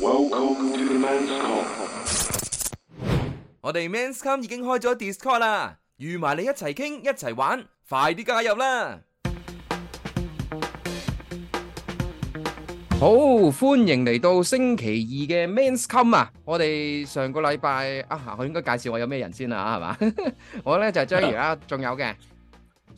Welcome to the Men's Come 我哋 Men's Come 已經開咗 Discord 啦，預埋你一齊傾一齊玩，快啲加入啦！好，歡迎嚟到星期二嘅 Men's Come 啊！我哋上個禮拜啊，我應該介紹我有咩人先啦，係嘛？ 我咧就章魚啦，仲有嘅。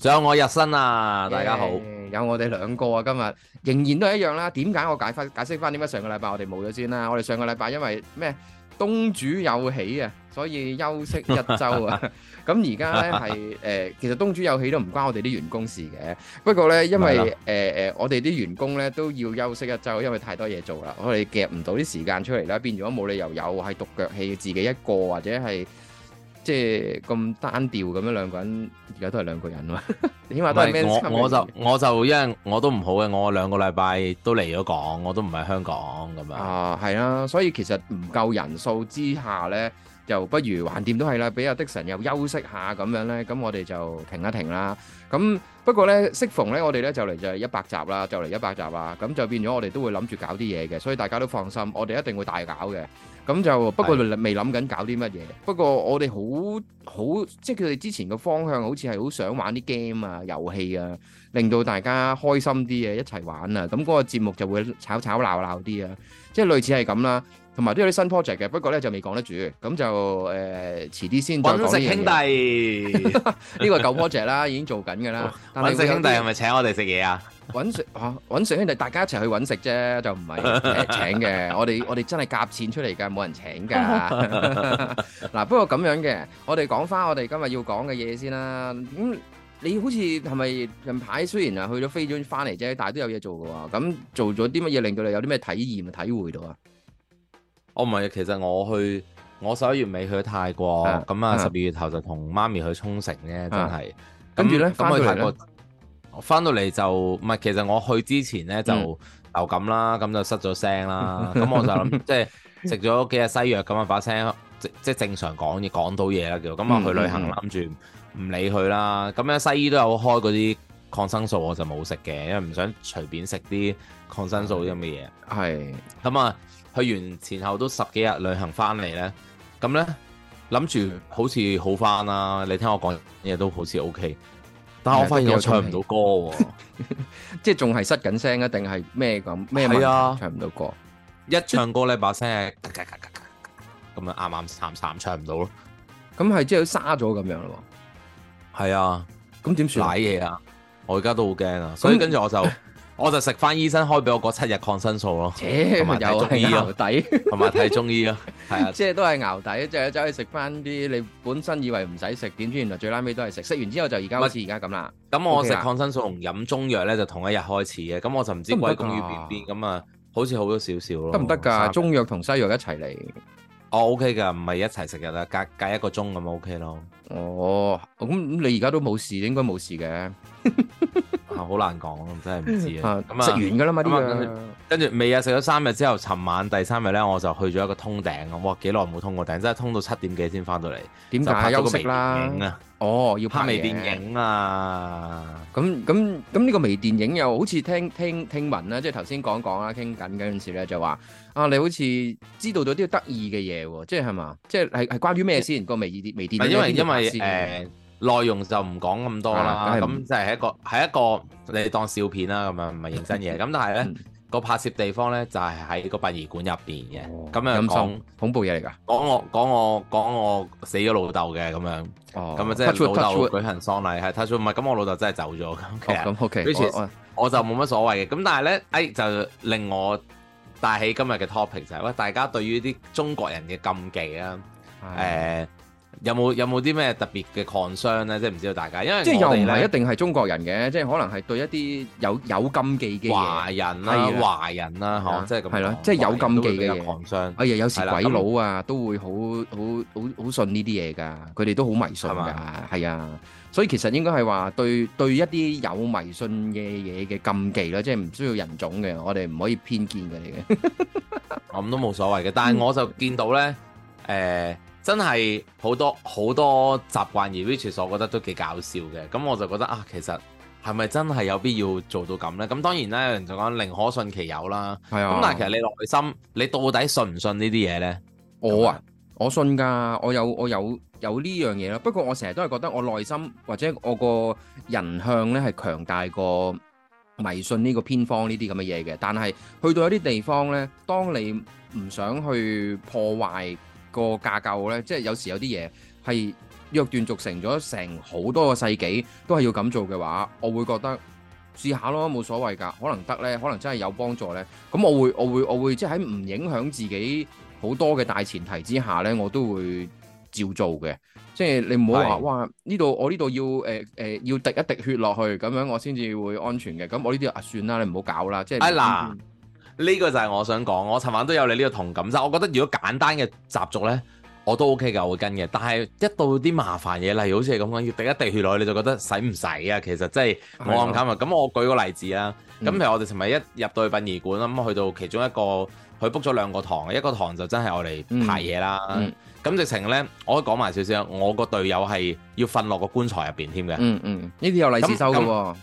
仲有我日新啊！大家好，欸、有我哋兩個啊！今日仍然都係一樣啦、啊。點解我解翻解釋翻點解上個禮拜我哋冇咗先啦、啊？我哋上個禮拜因為咩東主有喜啊，所以休息一周啊。咁而家咧係誒，其實東主有喜都唔關我哋啲員工事嘅、啊。不過咧，因為誒誒的、呃，我哋啲員工咧都要休息一周，因為太多嘢做啦，我哋夾唔到啲時間出嚟啦，變咗冇理由有係獨腳戲自己一個或者係。即係咁單調咁樣兩,兩個人，而家都係兩個人吖嘛？起碼都係。我我就我就因為我都唔好嘅，我兩個禮拜都嚟咗港，我都唔喺香港咁啊。係啦、啊，所以其實唔夠人數之下咧，就不如橫掂都係啦，俾阿迪神又休息下咁樣咧，咁我哋就停一停啦。咁不過咧，適逢咧，我哋咧就嚟就係一百集啦，就嚟一百集啊，咁就，就變咗我哋都會諗住搞啲嘢嘅，所以大家都放心，我哋一定會大搞嘅。咁就不過未諗緊搞啲乜嘢，不過，是的 不過我哋好好即係佢哋之前嘅方向，好似係好想玩啲 game 啊遊戲啊，令到大家開心啲啊，一齊玩啊，咁嗰個節目就會吵吵鬧鬧啲啊，即係類似係咁啦。同埋都有啲新 project 嘅，不過咧就未講得住，咁就誒遲啲先再講。搵食兄弟呢 個舊 project 啦，已經做緊噶啦。搵食兄弟係咪請我哋食嘢啊？搵食啊，搵食兄弟大家一齊去搵食啫，就唔係請嘅。 我哋我哋真係夾錢出嚟噶，冇人請噶。嗱， 不過咁樣嘅，我哋講翻我哋今日要講嘅嘢先啦。咁、嗯、你好似係咪近排雖然啊去咗非洲翻嚟啫，但係都有嘢做噶喎、啊。咁做咗啲乜嘢令到你有啲咩體驗啊？體會到啊？我唔係，其實我去我十一月尾去泰國，咁啊十二月頭就同媽咪去沖繩咧，真係。跟住咧，咁去泰國，翻到嚟就唔係。其實我去之前咧就流感啦，咁就失咗聲啦。咁我就諗，即係食咗幾日西藥，咁啊把聲即即正常講嘢講到嘢啦叫。咁啊去旅行諗住唔理佢啦。咁樣西醫都有開嗰啲抗生素，我就冇食嘅，因為唔想隨便食啲抗生素咁嘅嘢。係咁啊。去完前後都十幾日旅行翻嚟咧，咁咧諗住好似好翻啦，你聽我講嘢都好似 OK，但係我發現我唱唔到歌，即係仲係失緊聲啊，定係咩咁咩問題？唱唔到歌，一唱歌咧把聲咁啊啱啱殘殘唱唔到咯，咁係即係都沙咗咁樣咯，係啊，咁點算？瀨嘢啊，我而家都好驚啊，所以跟住我就。我就食翻醫生開俾我嗰七日抗生素咯，同埋有，中醫咯，同埋睇中醫咯，係啊，即係都係熬底，即係走去食翻啲你本身以為唔使食點知原來最拉尾都係食，食完之後就而家好似而家咁啦。咁我食、okay、了抗生素同飲中藥咧就同一日開始嘅，咁我就唔知鬼公於歸功於邊啲，咁啊，好似好咗少少咯。得唔得㗎？日中藥同西藥一齊嚟？我、哦、OK 㗎，唔係一齊食日啦，隔隔一個鐘咁 OK 咯。哦，咁你而家都冇事，應該冇事嘅。 好、啊、難講，真係唔知啊！咁樣啊，食完噶啦嘛啲嘢，跟住未啊？食咗三日之後，尋晚第三日咧，我就去咗一個通頂，哇！幾耐冇通過頂，真係通到七點幾先翻到嚟。點解休息啦？哦，要拍，拍微電影啊！咁咁咁呢個微電影又好似聽聽聽聞咧，即係頭先講講啦，傾緊嗰陣時咧就話啊，你好似知道咗啲得意嘅嘢喎，即係嘛？即係係關於咩先？個我微微電影？因為因為誒。內容就唔講咁多啦，咁即係一個係一個，你當笑片啦，咁樣唔係認真嘢。咁但係咧個拍攝地方咧就係喺個殯儀館入邊嘅，咁樣恐怖嘢嚟㗎，講我講我講我死咗老豆嘅咁樣，咁啊即係老豆舉行喪禮係 touch wood，唔係咁我老豆真係走咗咁。哦，咁 OK，我我就冇乜所謂嘅。咁但係咧，哎就令我帶起今日嘅 topic 就係喂，大家對於啲中國人嘅禁忌啦，誒。有冇有冇啲咩特別嘅 concern 咧？即係唔知道大家，因為即係又唔係一定係中國人嘅，即係可能係對一啲有有禁忌嘅華人啦、啊、的華人啦、啊，嗬的，啊、即係咁。係咯，即、就、係、是、有禁忌嘅嘢，concern。哎呀，有時鬼佬的啊都會好好好好信呢啲嘢㗎，佢哋都好迷信㗎，係啊的。所以其實應該係話對對一啲有迷信嘅嘢嘅禁忌啦，即係唔需要人種嘅，我哋唔可以偏見佢哋嘅。咁 都冇所謂嘅，但係我就見到咧，誒、呃。真係好多好多習慣而 which 我覺得都幾搞笑嘅，咁我就覺得啊，其實係咪真係有必要做到咁呢？咁當然啦，有人就講寧可信其有啦，係是啊。咁但係其實你內心你到底信唔信呢啲嘢呢？我啊， 我信㗎，我有我有有呢樣嘢咯。不過我成日都係覺得我內心或者我個人向呢係強大過迷信呢個偏方呢啲咁嘅嘢嘅。但係去到一啲地方呢，當你唔想去破壞。個架構咧，即係有時有啲嘢係若斷續成約定俗成咗成好多個世紀，都係要咁做嘅話，我會覺得試下咯，冇所謂㗎。可能得咧，可能真係有幫助咧。咁、嗯、我會我會我會即係喺唔影響自己好多嘅大前提之下咧，我都會照做嘅。即係你唔好話哇，呢度我呢度要誒誒、呃呃、要滴一滴血落去，咁樣我先至會安全嘅。咁、嗯、我呢啲啊，算啦，你唔好搞啦。即係。 呢個就係我想講，我尋晚都有你呢個同感。就我覺得，如果簡單嘅習俗呢，我都 OK 㗎，我會跟嘅。但係一到啲麻煩嘢，例如好似咁講，要滴一滴血落去，你就覺得使唔使啊？其實真係冇咁慘啊。咁的我舉個例子啦、啊。咁譬、嗯、如我哋尋日一入到去殯儀館，咁去到其中一個，佢 book 咗兩個堂，一個堂就真係我哋派嘢啦。咁、嗯嗯、直情呢，我可以講埋少少，我個隊友係要瞓落個棺材入邊添嘅。呢啲、嗯嗯、有利是收。收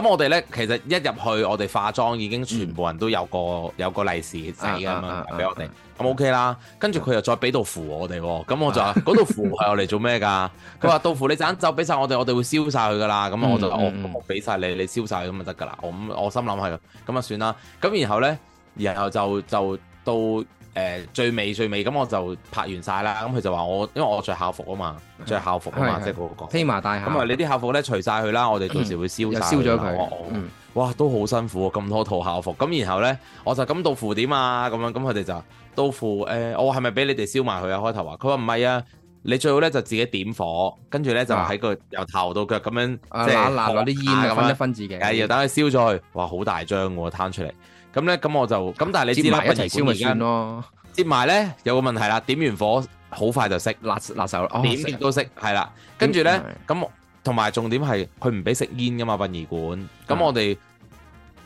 咁我哋咧，其實一入去，我哋化妝已經全部人都有個、嗯、有個利是仔咁樣俾我哋，咁、啊啊啊、OK 啦。跟住佢又再俾道符我哋喎，咁我就話：嗰道、啊、符係我嚟做咩噶？佢話：道符你陣就俾晒我哋，我哋會燒晒佢噶啦。咁我就話、嗯：我我俾晒你，你燒晒佢咁就得噶啦。我我心諗係咁啊，算啦。咁然後咧，然後就就，就到。誒，最尾最尾咁我就拍完晒啦，咁佢就話我，因為我着校服啊嘛，着校服啊嘛，即係嗰個披麻戴孝咁啊！你啲校服咧除晒佢啦，我哋到時會燒咗佢。哇，都好辛苦喎，咁多套校服。咁然後咧，我就咁到付點啊？咁樣咁佢哋就到付誒，我係咪俾你哋燒埋佢啊？開頭話，佢話唔係啊，你最好咧就自己點火，跟住咧就喺個由頭到腳咁樣即係攞啲煙分一分自己。誒，又等佢燒咗佢，哇好大張喎，攤出嚟。咁咧，咁我就咁，但係你知唔知一齊燒咪算咯？接埋咧有個問題啦，點完火好快就熄，辣辣手啦。點都熄，係啦。跟住咧，咁同埋重點係佢唔俾食煙噶嘛，殯儀館。咁我哋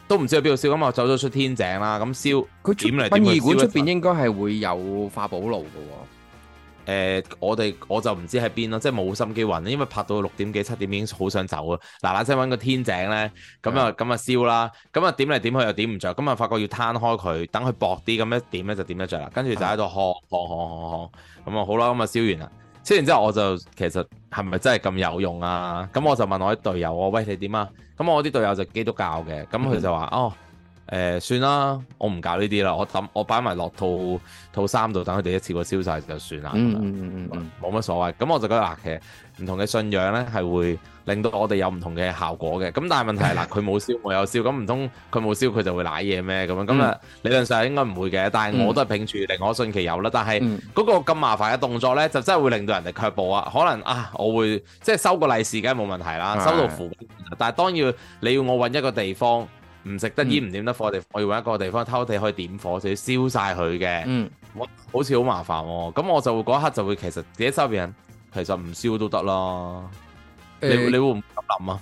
都唔知去邊度燒，咁我走咗出天井啦。咁燒佢殯儀館出邊應該係會有化寶爐噶。誒、呃，我哋我就唔知喺邊咯，即係冇心機混，因為拍到六點幾七點已經好想走啊！嗱嗱聲揾個天井呢，咁啊咁啊燒啦，咁啊點嚟點去又點唔着。咁啊發覺要攤開佢，等佢薄啲，咁一點呢就點得着啦，跟住就喺度烘烘烘烘烘，咁啊好啦，咁啊燒完啦，燒完之後我就其實係咪真係咁有用啊？咁我就問我啲隊友，我喂，你點啊？咁我啲隊友就基督教嘅，咁佢就話哦。Mm hmm. 誒、呃、算啦，我唔搞呢啲啦，我諗我擺埋落套套衫度等佢哋一次過燒晒就算啦，冇乜、嗯嗯嗯、所謂。咁我就覺得嗱，其實唔同嘅信仰呢係會令到我哋有唔同嘅效果嘅。咁但係問題係佢冇燒，我有燒，咁唔通佢冇燒佢就會舐嘢咩咁樣？咁啊、嗯、理論上應該唔會嘅，但係我都係秉持令我信其有啦。但係嗰個咁麻煩嘅動作呢，就真係會令到人哋卻步啊。可能啊，我會即係收個利是，梗係冇問題啦，的收到符。但係當要你要我揾一個地方。唔食得煙唔點、嗯、得火嘅，我要揾一個地方偷地可以點火，就要燒晒佢嘅。嗯，好似好麻煩喎、哦。咁我就會嗰一刻就會其實自己身邊人，其實唔燒都得啦、欸。你你會唔諗啊？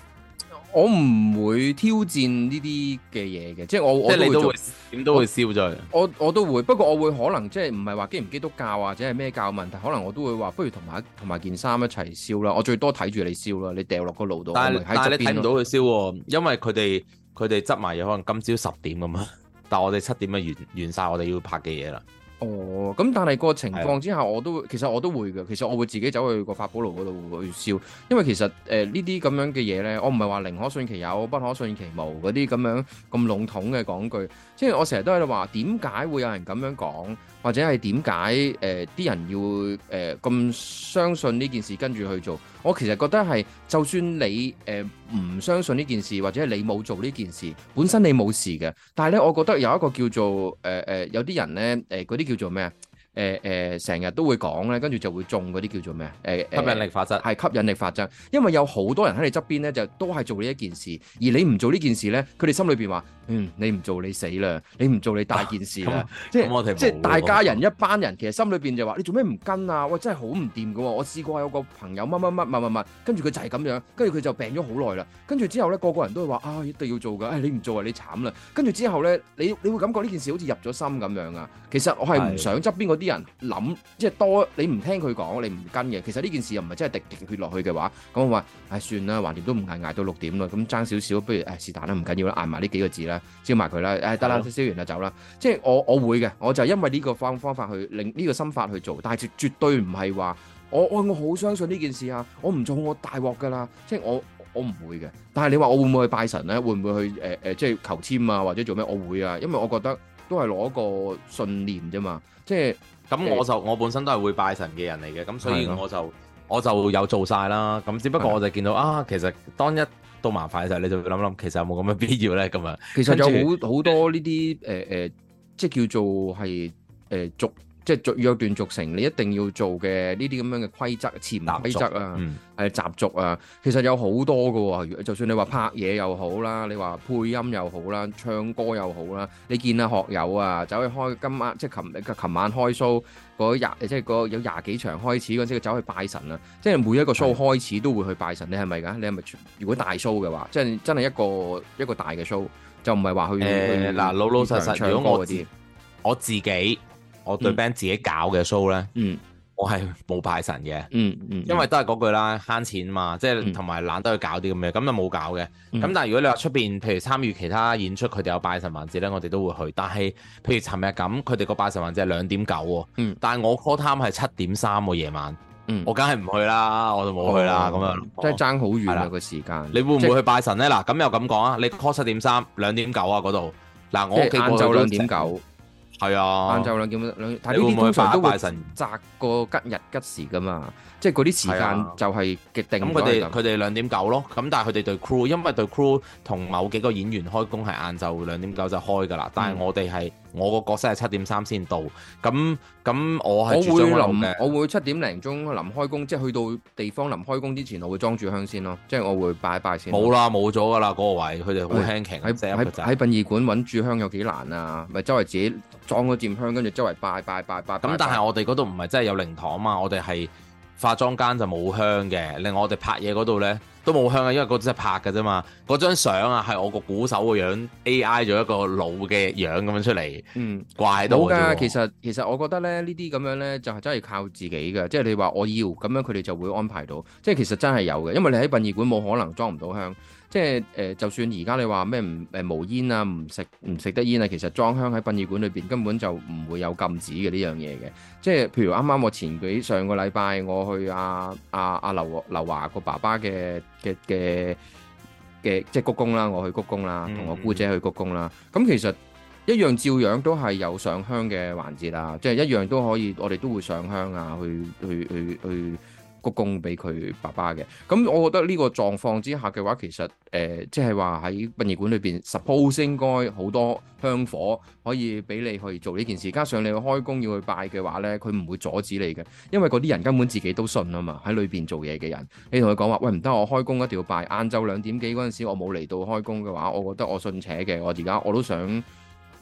我唔會挑戰呢啲嘅嘢嘅，即係我即都會點都會燒啫。我我，我都會，不過我會可能即係唔係話基唔基督教或者係咩教問題，可能我都會話不如同埋同埋件衫一齊燒啦。我最多睇住你燒啦，你掉落個爐度。但係你睇唔到佢燒喎，因為佢哋。佢哋執埋嘢，可能今朝十點咁啊， 但係我哋七點啊完，完完曬，我哋要拍嘅嘢啦。哦，咁但係個情況之下，我都會，其實我都會嘅，其實我會自己走去個法寶爐嗰度去燒，因為其實誒呢啲咁樣嘅嘢咧，我唔係話寧可信其有，不可信其無嗰啲咁樣咁籠統嘅講句，即係我成日都喺度話，點解會有人咁樣講，或者係點解誒啲人要誒咁相信呢件事跟住去做？我其實覺得係，就算你誒唔、呃、相信呢件事，或者係你冇做呢件事，本身你冇事嘅。但係咧，我覺得有一個叫做誒誒、呃，有啲人咧誒嗰啲叫做咩啊？誒、呃、誒，成、呃、日都會講咧，跟住就會中嗰啲叫做咩啊？誒、呃、吸引力法則係吸引力法則，因為有好多人喺你側邊咧，就都係做呢一件事，而你唔做呢件事咧，佢哋心裏邊話，你唔做你死啦！你唔做你大件事啦！即係大家人一班人，其實心裏邊就話，你做咩唔跟啊？喂，真係好唔掂噶！我試過有個朋友乜乜乜乜乜乜，跟住佢就係咁樣，跟住佢就病咗好耐啦。跟住之後咧，個個人都會話啊，一定要做噶！哎，你唔做啊，你慘啦！跟住之後咧，你你會感覺呢件事好似入咗心咁樣啊？其實我係唔想側邊嗰啲人諗，即係多你唔聽佢講，你唔跟嘅。其實呢件事又唔係真係滴血落去嘅話，咁我話唉算啦，橫掂都唔捱捱到六點咯，咁爭少少，不如唉是但啦，唔緊要啦，捱埋呢幾個字啦。燒埋佢啦，誒得啦，燒、哎、的完就走啦。即係我我會嘅，我就因為呢個方方法去令呢、呢個心法去做，但係絕絕對唔係話我我我好相信呢件事啊，我唔做我大鑊㗎喇。即係我我唔會嘅。但係你話我會唔會去拜神咧？會唔會去誒誒、呃呃，即係求簽啊或者做咩？我會啊，因為我覺得都係攞個信念啫嘛。即係咁，我就、欸、我本身都係會拜神嘅人嚟嘅，咁所以我就。我就有做晒啦，咁只不過我就見到的啊，其實當一到麻煩嘅時候，你就會諗諗，其實有冇咁嘅必要咧咁啊？其實有好好多呢啲誒誒，即係叫做係誒續。呃即係逐約段逐成，你一定要做嘅呢啲咁樣嘅規則、潛規則啊，誒習俗啊，嗯、其實有好多嘅。就算你話拍嘢又好啦，你話配音又好啦，唱歌又好啦，你見啊學友啊走去開今晚即係琴琴晚開 show 嗰廿即係個有廿幾場開始嗰時，佢走去拜神啊！即係每一個 show 開始都會去拜神。是你係咪噶？你係咪？如果大 show 嘅話，即係真係一個一個大嘅 show，就唔係話去嗱老、欸、去老實實。唱歌嗰啲，如果我自我自己。我對 band 自己搞嘅 show 咧，我係冇拜神嘅，因為都係嗰句啦，慳錢嘛，即係同埋懶得去搞啲咁嘅，咁就冇搞嘅。咁但係如果你話出邊，譬如參與其他演出，佢哋有拜神環節咧，我哋都會去。但係譬如尋日咁，佢哋個拜神環節係兩點九喎，但係我 call time 係七點三喎夜晚，我梗係唔去啦，我就冇去啦咁樣。即係爭好遠啊個時間。你會唔會去拜神咧？嗱，咁又咁講啊，你 call 七點三，兩點九啊嗰度。嗱，我晏晝兩點九。係啊，晏晝兩點兩，但係呢啲通常都會擇個吉日吉時㗎嘛。即係嗰啲時間、啊、就係極定咁，佢哋佢哋兩點九咯。咁但係佢哋對 crew，因為對 crew 同某幾個演員開工係晏晝兩點九就開噶啦。嗯、但係我哋係我個角色係七點三先到。咁咁我係我會我會七點零鐘臨開工，啊、即係去到地方臨開工之前，我會裝住香先咯。即係我會拜拜先。冇啦，冇咗噶啦，嗰個位佢哋好輕鬆。喺喺喺殯儀館揾住香有幾難啊？咪周圍自己裝咗漸香，跟住周圍拜拜拜拜，拜。咁但係我哋嗰度唔係真係有靈堂嘛，我哋係。化妝間就冇香嘅，另外我哋拍嘢嗰度呢都冇香啊，因為嗰只係拍嘅啫嘛。嗰張相啊，係我個鼓手嘅樣 AI 咗一個老嘅樣咁樣出嚟，嗯，掛喺度㗎。我其實其實我覺得呢，呢啲咁樣呢就係真係靠自己嘅，即係你話我要咁樣，佢哋就會安排到。即係其實真係有嘅，因為你喺殯儀館冇可能裝唔到香。即係誒、呃，就算而家你話咩唔誒無煙啊，唔食唔食得煙啊，其實裝香喺殯儀館裏邊根本就唔會有禁止嘅呢樣嘢嘅。即係譬如啱啱我前幾上個禮拜，我去阿阿阿劉劉華個爸爸嘅嘅嘅嘅即係鞠躬啦，我去鞠躬啦，同我姑姐去鞠躬啦。咁、嗯、其實一樣照樣都係有上香嘅環節啦，即係一樣都可以，我哋都會上香啊，去去去去，去去去鞠躬俾佢爸爸嘅，咁我覺得呢個狀況之下嘅話，其實誒即係話喺殯儀館裏邊，suppose 應該好多香火可以俾你去做呢件事，加上你去開工要去拜嘅話呢，佢唔會阻止你嘅，因為嗰啲人根本自己都信啊嘛，喺裏邊做嘢嘅人，你同佢講話，喂，唔得，我開工一定要拜，晏晝兩點幾嗰陣時我冇嚟到開工嘅話，我覺得我信邪嘅，我而家我都想。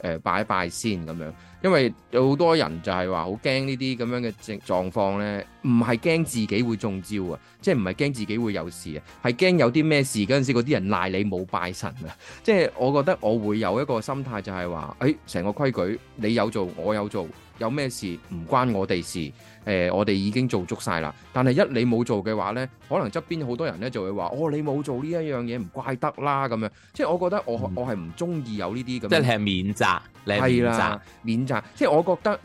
誒、呃、拜一拜先咁樣，因為有好多人就係話好驚呢啲咁樣嘅狀況呢，唔係驚自己會中招啊，即係唔係驚自己會有事啊，係驚有啲咩事嗰陣時嗰啲人賴你冇拜神啊，即係我覺得我會有一個心態就係話，誒、哎、成個規矩你有做我有做。有咩事唔關我哋事，誒、呃，我哋已經做足晒啦。但係一你冇做嘅話呢，可能側邊好多人咧就會話，哦，你冇做呢一樣嘢唔怪得啦咁樣。即係我覺得我、嗯、我係唔中意有呢啲咁。即係係免責，係啦，免責。即係我覺得。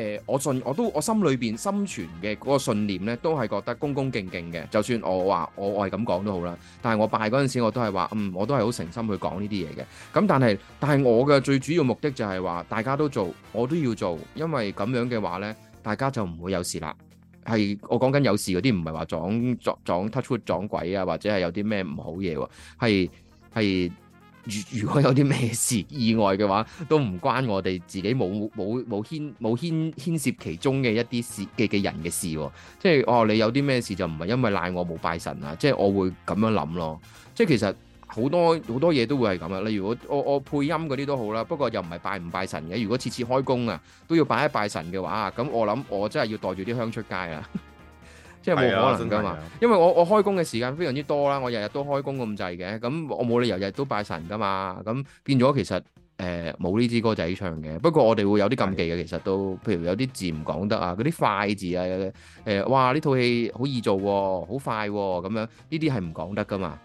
誒、呃，我信我都我心裏邊深存嘅個信念咧，都係覺得恭恭敬敬嘅。就算我話我我係咁講都好啦，但係我拜嗰陣時我都係話，嗯，我都係好誠心去講呢啲嘢嘅。咁但係但係我嘅最主要目的就係話，大家都做，我都要做，因為咁樣嘅話呢，大家就唔會有事啦。係我講緊有事嗰啲，唔係話撞撞撞 touchwood 撞鬼啊，或者係有啲咩唔好嘢喎，係係。如如果有啲咩事意外嘅話，都唔關我哋自己冇冇冇牽冇牽牽涉其中嘅一啲事嘅嘅人嘅事喎、哦，即係哦你有啲咩事就唔係因為賴我冇拜神啊，即係我會咁樣諗咯，即係其實好多好多嘢都會係咁啦。例如果我我配音嗰啲都好啦，不過又唔係拜唔拜神嘅。如果次次開工啊都要拜一拜神嘅話，咁我諗我真係要帶住啲香出街啦。即係冇可能噶嘛，啊、因為我我開工嘅時間非常之多啦，我日日都開工咁滯嘅，咁我冇理由日日都拜神噶嘛，咁變咗其實誒冇呢支歌仔唱嘅。不過我哋會有啲禁忌嘅，其實都，譬如有啲字唔講得啊，嗰啲快字啊，誒、呃，哇呢套戲好易做，啊，好快咁，啊、樣，呢啲係唔講得噶嘛。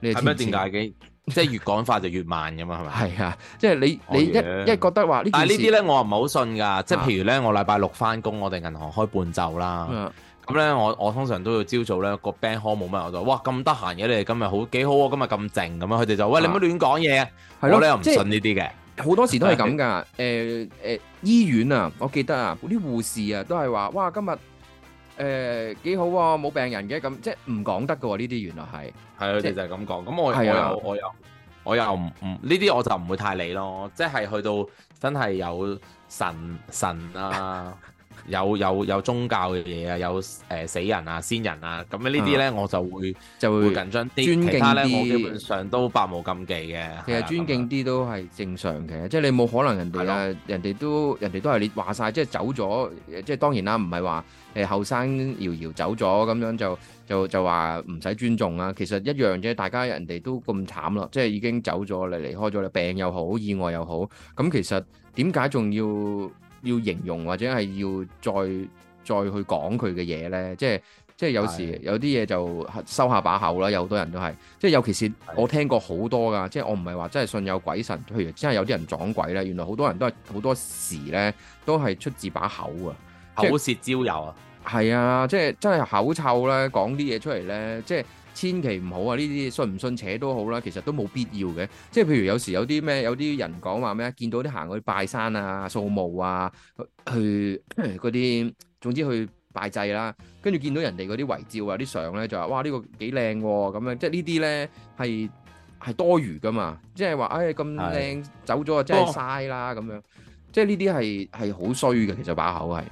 呢係咩電架機？ 即係越講快就越慢噶嘛，係咪？係啊，即係你也你一一覺得話，呢啲呢，我唔係好信噶，即係譬如呢，我禮拜六翻工，我哋銀行開伴奏啦。咁咧，我我通常都要朝早咧，個 bank call 冇乜我就，哇咁得閒嘅？你哋今日好幾好啊，今日咁靜咁啊，佢哋就喂，你唔好亂講嘢，我咧又唔信呢啲嘅，好多時都係咁噶，誒誒醫院啊，我記得啊，啲護士啊都係話，哇今日誒幾好冇病人嘅咁，即係唔講得㗎喎，呢啲原來係，係佢哋就係咁講，咁我我又我又我又唔唔呢啲我就唔會太理咯，即係去到真係有神神啊。有有有宗教嘅嘢啊，有誒、呃、死人啊、先人啊，咁呢啲咧、啊、我就會就會，會緊張啲，其他咧我基本上都百無禁忌嘅。其實尊敬啲都係正常嘅，即係你冇可能人哋啊，啊咁樣人哋都人哋都係你話晒，即係走咗，即係當然啦，唔係話誒後生搖搖走咗咁樣就就就話唔使尊重啦。其實一樣啫，大家人哋都咁慘咯，即係已經走咗啦，離開咗啦，病又好，意外又好，咁其實點解仲要？要形容或者係要再再去講佢嘅嘢呢？即係即係有時有啲嘢就收下把口啦。有好多人都係，即係尤其是我聽過好多㗎，的即係我唔係話真係信有鬼神，譬如真係有啲人撞鬼呢。原來好多人都係好多時呢都係出自把口啊，口舌招尤啊。係啊，即係真係口臭呢，講啲嘢出嚟呢。即係。千祈唔好啊！呢啲信唔信邪都好啦，啊，其實都冇必要嘅。即係譬如有時有啲咩，有啲人講話咩，見到啲行去拜山啊、掃墓啊、去嗰啲、嗯，總之去拜祭啦。跟住見到人哋嗰啲遺照啊、啲相咧，就話哇呢、呢個幾靚喎咁樣。即係呢啲咧係係多餘噶嘛。即係話唉咁靚走咗啊，真係嘥啦咁樣。即係呢啲係係好衰嘅，其實把口係。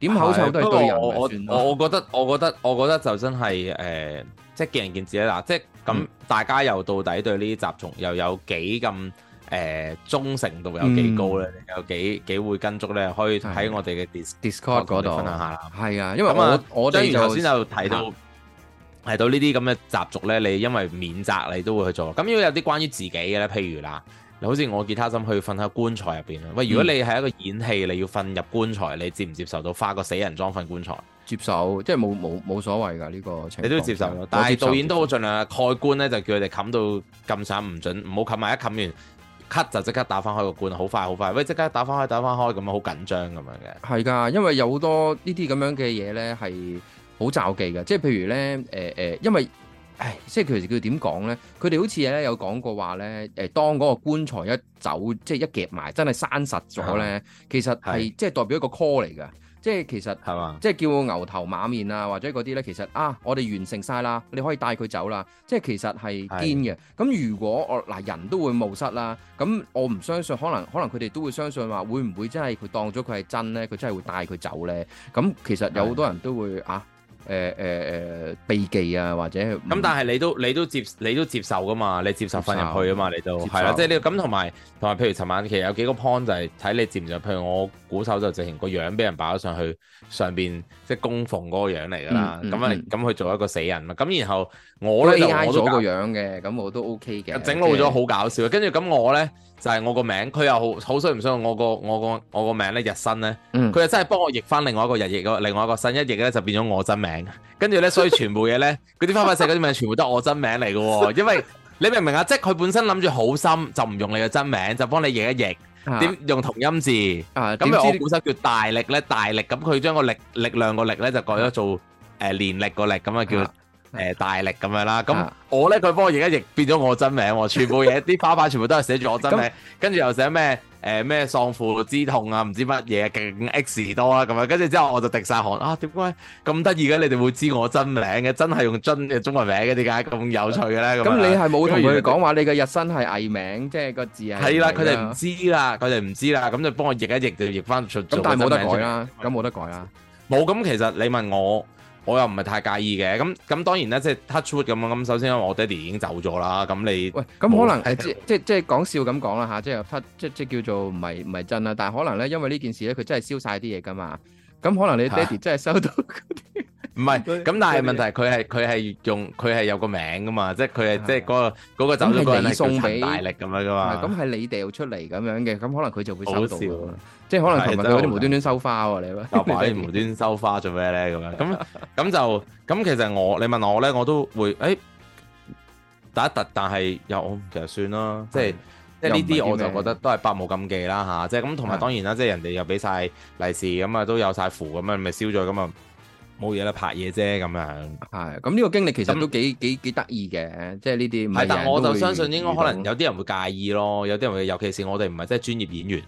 點口臭都係對人我我我，我覺得我覺得我覺得就真係誒、呃，即係見仁見智啦。即係咁，嗯、大家又到底對呢啲習俗又有幾咁誒忠誠度有幾高咧？嗯、有幾幾會跟足咧？可以喺我哋嘅 Disc Discord 嗰度分享下。係啊，因為我我正如頭先就提到提到呢啲咁嘅習俗咧，你因為免責你都會去做。咁要有啲關於自己嘅咧，譬如啦。嗱，好似我吉他咁去瞓喺棺材入邊咯。喂，如果你係一個演戲，你要瞓入棺材，你接唔接受到化個死人裝瞓棺材？接受，即係冇冇冇所謂㗎呢、呢個情。你都接受但係導演都好盡量啊。蓋棺咧就叫佢哋冚到咁慘唔準，唔好冚埋一冚完，咳就即刻打翻開個棺，好快好快。喂，即刻打翻開打翻開咁樣，好緊張咁樣嘅。係㗎，因為有好多呢啲咁樣嘅嘢咧係好罩忌嘅，即係譬如咧，誒、呃、誒、呃，因為。唉，即係佢哋叫點講呢？佢哋好似咧有講過話呢，誒，當嗰個棺材一走，即係一夾埋，真係閂實咗呢。的其實係的即係代表一個 call 嚟㗎。即係其實係嘛，的即係叫牛頭馬面啊，或者嗰啲呢。其實啊，我哋完成晒啦，你可以帶佢走啦。即係其實係堅嘅。咁的如果我嗱、啊、人都會冒失啦，咁我唔相信，可能可能佢哋都會相信話，會唔會真係佢當咗佢係真呢？佢真係會帶佢走呢？咁其實有好多人都會啊。啊誒誒誒，避忌啊，或者咁，嗯、但係你都你都接你都接受噶嘛？你接受翻入去啊嘛？你都係啦，即係呢個咁同埋同埋，就是、譬如尋晚其實有幾個 point 就係睇你接唔接。譬如我鼓手就直情個樣俾人擺咗上去上邊，即、就、係、是、供奉嗰個樣嚟噶啦。咁啊咁，佢做一個死人啦。咁然後我咧就攞咗個樣嘅，咁我都 OK 嘅。整好咗好、就是、搞笑。跟住咁我咧就係、是、我個名，佢又好好衰唔衰？我個我個我個名咧日新咧，佢又真係幫我譯翻另外一個日譯另外一個新一譯咧，就變咗我真名，嗯。跟住咧，所以全部嘢咧，嗰啲花牌寫嗰啲名全部都係我真名嚟噶、喔。因為你明唔明啊？即係佢本身諗住好心，就唔用你嘅真名，就幫你譯一譯，點用同音字。咁、啊啊、我本身叫大力咧，大力咁佢將個力力量個力咧就改咗做誒年力個力，咁、呃、啊叫誒、呃、大力咁樣啦。咁我咧佢幫我譯一譯，變咗我真名。全部嘢啲花牌全部都係寫住我真名，啊嗯啊、跟住又寫咩？誒咩喪父之痛啊，唔知乜嘢勁 X 多啦咁啊！跟住之後我就滴曬汗啊！點解咁得意嘅？你哋會知我真名嘅？真係用真嘅中文名嘅？點解咁有趣咧？咁你係冇同佢哋講話你嘅日新係藝名，即係個字係。係啦，佢哋唔知啦，佢哋唔知啦，咁就幫我譯一譯就譯翻出咁，但係冇得改啦，咁冇得改啦。冇，咁其實你問我。我又唔係太介意嘅，咁咁當然啦，即係 touch wood 咁樣。咁首先因為我爹哋已經走咗啦，咁你喂，咁可能係 即即即講笑咁講啦吓，即係 touch 即即叫做唔係唔係真啦。但係可能咧，因為呢件事咧，佢真係燒晒啲嘢噶嘛，咁可能你爹哋真係收到嗰啲、啊。 唔係咁，但係問題佢係佢係用佢係有個名噶嘛，即係佢係即係嗰個嗰、嗰個走咗過係送俾大力咁樣噶嘛。咁係、啊、你掉出嚟咁樣嘅，咁可能佢就會收到、 啊。即係可能同埋啲無端端收花喎、啊，你話？咁你無端收花做咩咧？咁樣咁咁 就咁，其實我你問我咧，我都會誒，第一突，但係又其實算啦，即係即係呢啲我就覺得都係百無禁忌啦吓，即係咁同埋當然啦，即係、嗯、人哋又俾晒利是咁啊，都有晒符咁啊，咪燒咗咁啊。冇嘢啦，拍嘢啫咁樣。係，咁呢個經歷其實都幾那幾幾得意嘅，即係呢啲。唔係，但我就相信應該可能有啲人會介意咯，有啲人會，尤其是我哋唔係即係專業演員。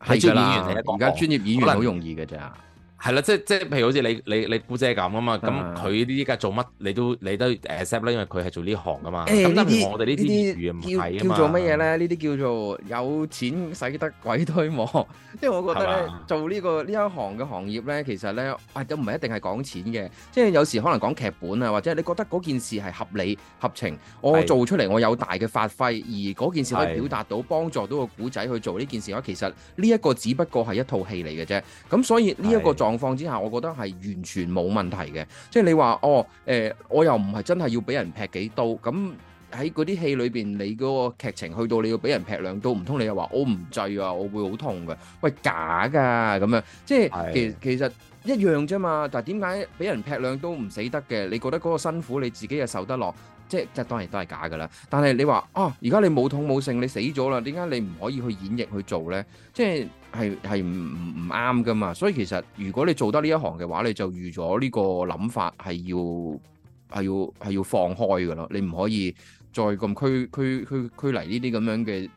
係專業演員個個，而家專業演員好容易嘅咋能。係啦，即係即係，譬如好似你你你姑姐咁啊嘛，咁佢依家做乜，你都你都 accept 啦，因為佢係做呢行㗎嘛。咁我哋呢啲叫做乜嘢咧？呢啲叫做有錢使得鬼推磨。即係我覺得咧，做呢個呢一行嘅行業咧，其實咧都唔係一定係講錢嘅。即係有時可能講劇本啊，或者你覺得嗰件事係合理合情，我做出嚟我有大嘅發揮，而嗰件事可以表達到幫助到個古仔去做呢件事嘅話，其實呢一個只不過係一套戲嚟嘅啫。咁所以呢一個狀況，況之下，我覺得係完全冇問題嘅。即係你話哦，誒、呃，我又唔係真係要俾人劈幾刀。咁喺嗰啲戲裏邊，你嗰個劇情去到你要俾人劈兩刀，唔通你又話我唔制啊？我會好痛嘅。喂，假㗎咁樣，即係是的 其實其實一樣啫嘛。但係點解俾人劈兩刀唔死得嘅？你覺得嗰個辛苦你自己又受得落？即係即係，當然都係假㗎啦。但係你話哦，而家你冇痛冇性，你死咗啦？點解你唔可以去演繹去做咧？即係係係唔唔唔啱㗎嘛。所以其實如果你做得呢一行嘅話，你就預咗呢個諗法係要係要係要係要放開㗎咯。你唔可以再咁拘拘拘拘離呢啲咁樣嘅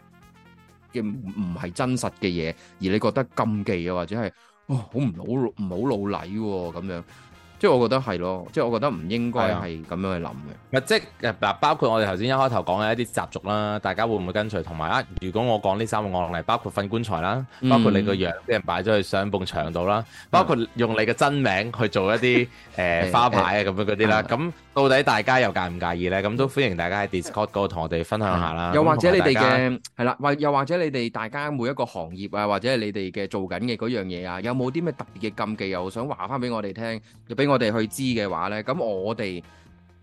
嘅唔係真實嘅嘢，而你覺得禁忌啊，或者係哦好唔好唔好老禮喎咁樣。即係我覺得係咯，即係我覺得唔應該係咁樣去諗嘅。唔係即係嗱，包括我哋頭先一開頭講嘅一啲習俗啦，大家會唔會跟隨？同埋啊，如果我講呢三個案例，包括瞓棺材啦，包括你個樣俾人擺咗去上半牆度啦，包括用你嘅真名去做一啲誒花牌咁樣嗰啲啦，咁到底大家又介唔介意呢？咁都歡迎大家喺 Discord 嗰度同我哋分享下啦。又或者你哋嘅係啦，或又或者你哋大家每一個行業啊，或者係你哋嘅做緊嘅嗰樣嘢啊，有冇啲咩特別嘅禁忌又想話翻俾我哋聽？又比如。我哋去知嘅話咧，咁我哋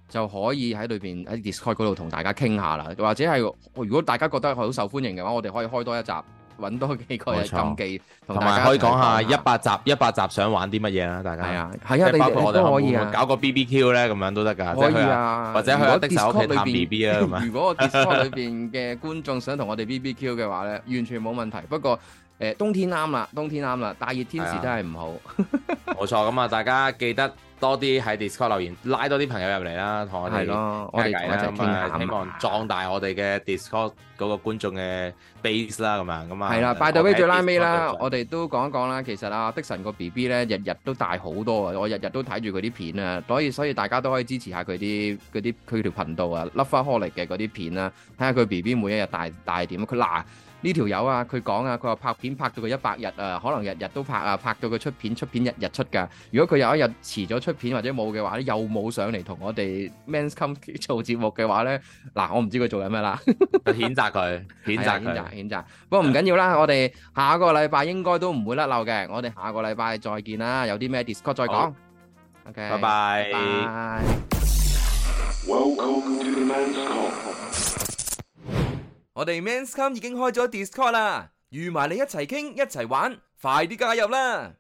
就可以喺裏邊喺 Discord 度同大家傾下啦，或者係如果大家覺得好受歡迎嘅話，我哋可以開多一集，搵多幾個錯禁忌，同埋可以講下一百集一百集想玩啲乜嘢啦，大家係啊，係啊，我你都們可以啊，搞個 BBQ 咧咁樣都得噶，可以，可以啊，啊，或者去我、啊、Discord 家裏，裡面 BB 啊， 如果面我 Discord 裏邊嘅觀眾想同我哋 BBQ 嘅話咧， 完全冇問題，不過。誒冬天啱啦，冬天啱啦，大熱天時真係唔好、嗯。冇 錯咁啊，大家記得多啲喺 Discord 留言，拉多啲朋友入嚟啦，同我哋傾我哋咁啊，希望壯大我哋嘅 Discord 嗰個觀眾嘅 base 啦。咁啊，咁啊樣，係啦，拜到尾最拉尾啦。我哋都講一講啦。其實啊，的神個 BB 咧，日日都大好多啊。我日日都睇住佢啲片啊，所以所以大家都可以支持下佢啲啲佢條頻道啊，Lovaholic 嘅嗰啲片啦，睇下佢 BB 每一日大大點，佢嗱。呢條友啊，佢講啊，佢話拍片拍到佢一百日啊，可能日日都拍啊，拍到佢出片出片日日出噶。如果佢有一日遲咗出片或者冇嘅話咧，又冇上嚟同我哋 Men's Come 做節目嘅話咧，嗱，我唔知佢做緊咩啦。譴責佢，譴責佢，譴責。不過唔緊要啦，我哋下個禮拜應該都唔會甩漏嘅。我哋下個禮拜再見啦，有啲咩 Discord 再講。OK，拜拜。我哋 Men's Come 已經開咗 Discord 啦，預埋你一齊傾一齊玩，快啲加入啦！